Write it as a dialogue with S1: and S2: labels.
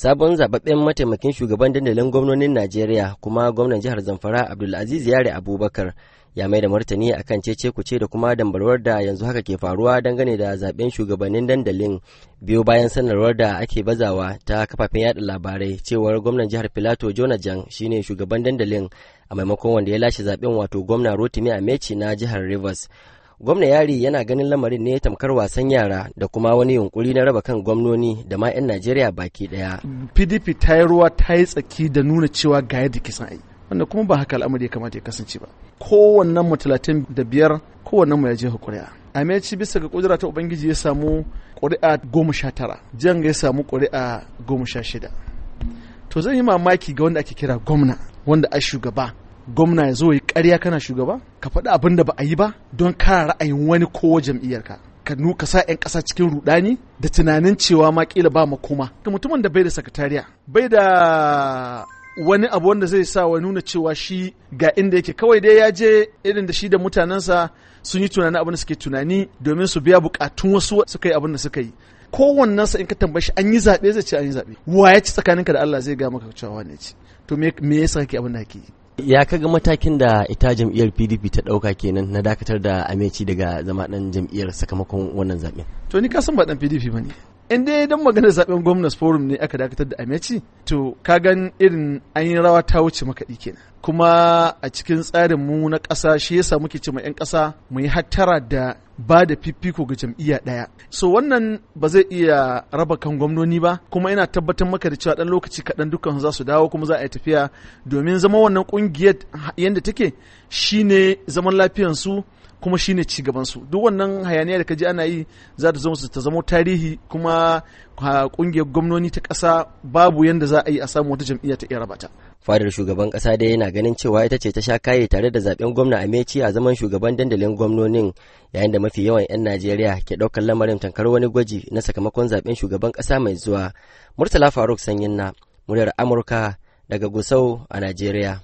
S1: sabon zababben mataimakin shugaban dandalin gwamnonin najeriya kuma gwamnan jihar zamfara abdulaziz yare abubakar ya mai da martani akan cece kuce da kuma dambarwar da yanzu haka ke faruwa dangane da zaben shugabannin dandalin biyu bayan sanarwar da ake bazawa ta kafafen yada labarai cewar gwamnan jihar filato jonajan shine shugaban dandalin a maimakon wanda ya lashe zaben wato gwamna rotimi a amechi na jihar rivers gwamna yari yana ganin lamarin ne tamkar wasan yara da kuma wani yunkuri na raba kan gwamnoni da ma 'yan najeriya baki daya
S2: pdp ta yi ruwa ta yi tsaki da nuna cewa ga yadda kisan ai wanda kuma ba haka al'amari ya kamata ya kasance ba kowannen mu talatin da biyar kowannen mu ya jefa ƙuri'a ameci bisa ga kudura ta ubangiji ya samu ƙuri'a goma sha tara jan ya samu ƙuri'a goma sha shida to zan yi mamaki ga wanda ake kira gwamna wanda a shugaba gwamna ya zo ya karya kana shugaba ka faɗi abin da ba a yi ba don kara ra'ayin wani ko jam'iyyarka ka nuka sa 'yan ƙasa cikin rudani da tunanin cewa ma kila ba makoma ga mutumin da bai da sakatariya bai da wani abu wanda zai sa wa nuna cewa shi ga inda yake kawai dai ya je irin da shi da mutanensa sun yi tunani abin da suke tunani domin su biya bukatun wasu suka yi abin da suka yi sa in ka tambaye shi an yi zaɓe zai ce an yi zaɓe wa ya ci tsakaninka da Allah zai ga maka cewa ne ci to me yasa kake abin da kake yi
S1: ya kaga matakin da ita jam'iyyar pdp ta ɗauka kenan na dakatar da ameci daga zama dan jam'iyyar sakamakon wannan zaɓen
S2: to ni kasan ba ɗan pdp ba ne in dai dan maganar zaɓen gwamnas forum ne aka dakatar da ameci to ka gan irin an yi rawa ta wuce makaɗi kenan kuma a cikin tsarin mu na ƙasa shi yasa muke ce ma 'yan ƙasa mu yi hattara da ba da fifiko ga jam'iyya ɗaya so wannan ba zai iya raba kan gwamnoni ba kuma ina tabbatar maka da cewa ɗan lokaci kaɗan dukkan za su dawo kuma za a yi tafiya domin zama wannan ƙungiyar yadda take shine zaman lafiyansu su kuma shine ci gaban su duk wannan hayaniya da kaji ana yi za ta zama ta zama tarihi kuma kungiyar gwamnoni ta ƙasa babu yanda za a yi a samu wata jam'iyya ta iya rabata
S1: fadar shugaban kasa dai yana ganin cewa ita ce ta sha kaye tare da zaben gwamna a meci a zaman shugaban dandalin gwamnonin yayin da mafi yawan 'yan Najeriya ke ɗaukar lamarin tankar wani gwaji na sakamakon zaben shugaban kasa mai zuwa Murtala Faruk Sanyin na muryar Amurka daga Gusau a Najeriya